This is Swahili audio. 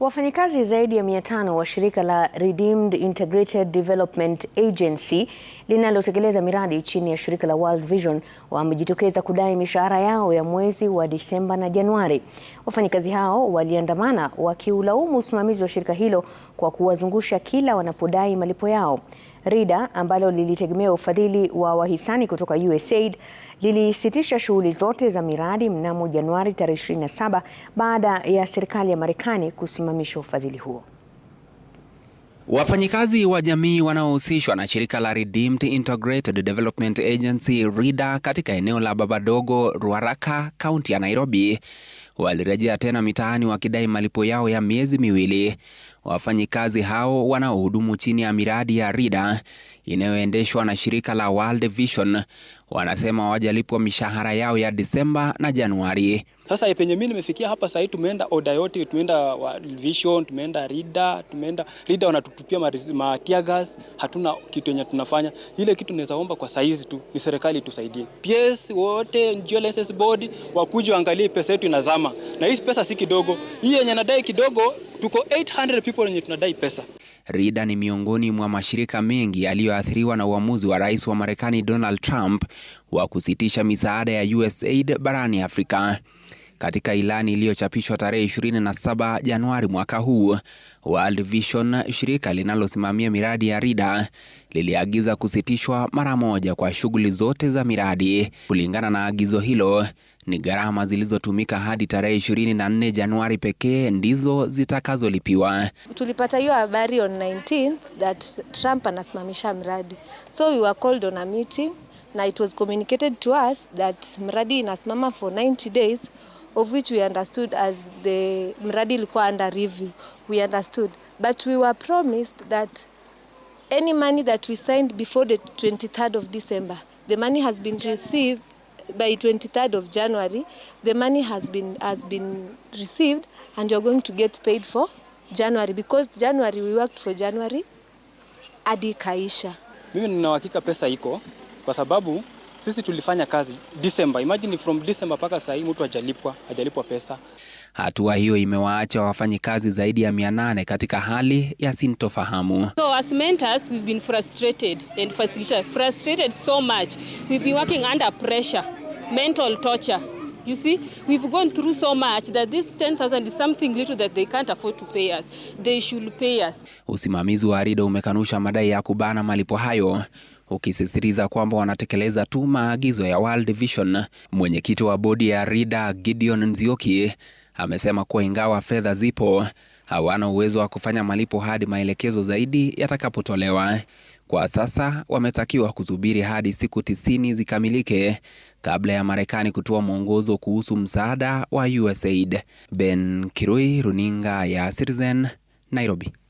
Wafanyakazi zaidi ya 500 wa shirika la Redeemed Integrated Development Agency linalotekeleza miradi chini ya shirika la World Vision wamejitokeza kudai mishahara yao ya mwezi wa Disemba na Januari. Wafanyakazi hao waliandamana wakiulaumu usimamizi wa shirika hilo kwa kuwazungusha kila wanapodai malipo yao. RIDA ambalo lilitegemea ufadhili wa wahisani kutoka USAID lilisitisha shughuli zote za miradi mnamo Januari tarehe 27 baada ya serikali ya Marekani kusimamisha ufadhili huo. Wafanyikazi wa jamii wanaohusishwa na shirika la Redeemed Integrated Development Agency RIDA katika eneo la Babadogo, Ruaraka, kaunti ya Nairobi walirejea tena mitaani wakidai malipo yao ya miezi miwili. Wafanyikazi hao wanaohudumu chini ya miradi ya RIDA inayoendeshwa na shirika la World Vision wanasema hawajalipwa mishahara yao ya Disemba na Januari. Sasa penye mi nimefikia hapa sahii, tumeenda oda yote, tumeenda Vision, tumeenda RIDA, tumeenda RIDA wanatutupia matiagas, gas, hatuna kitu yenye tunafanya. Ile kitu nawezaomba kwa sahizi tu ni serikali itusaidie, PS wote, insurance board wakuja waangalie pesa yetu inazama mzima, na hii pesa si kidogo. Hii yenye nadai kidogo, tuko 800 people wenye tunadai pesa. Rida ni miongoni mwa mashirika mengi yaliyoathiriwa na uamuzi wa rais wa Marekani Donald Trump wa kusitisha misaada ya USAID barani Afrika katika ilani iliyochapishwa tarehe 27 Januari mwaka huu. World Vision, shirika linalosimamia miradi ya RIDA, liliagiza kusitishwa mara moja kwa shughuli zote za miradi. Kulingana na agizo hilo, ni gharama zilizotumika hadi tarehe 24 Januari pekee ndizo zitakazolipiwa. Tulipata hiyo habari on 19 that Trump anasimamisha mradi. So we were called on a meeting na it was communicated to us that mradi inasimama for 90 days of which we understood as the mradi ilikuwa under review. We understood. But we were promised that any money that we signed before the 23rd of December, the money has been received by 23rd of January, the money has been, has been received and you're going to get paid for January because January we worked for January hadi kaisha Mimi nina uhakika pesa iko kwa sababu sisi tulifanya kazi December. Imagine from December mpaka sasa hii mtu hajalipwa, hajalipwa pesa. Hatua hiyo imewaacha wafanyi kazi zaidi ya 800 katika hali ya sintofahamu. So as mentors we've been frustrated and facilitated frustrated so much. We've been working under pressure, mental torture. You see, we've gone through so much that this 10,000 is something little that they can't afford to pay us. They should pay us. Usimamizi wa Arida umekanusha madai ya kubana malipo hayo ukisisitiza kwamba wanatekeleza tu maagizo ya World Vision. Mwenyekiti wa bodi ya RIDA Gideon Nzioki amesema kuwa ingawa fedha zipo, hawana uwezo wa kufanya malipo hadi maelekezo zaidi yatakapotolewa. Kwa sasa wametakiwa kusubiri hadi siku tisini zikamilike kabla ya Marekani kutoa mwongozo kuhusu msaada wa USAID. Ben Kirui, runinga ya Citizen, Nairobi.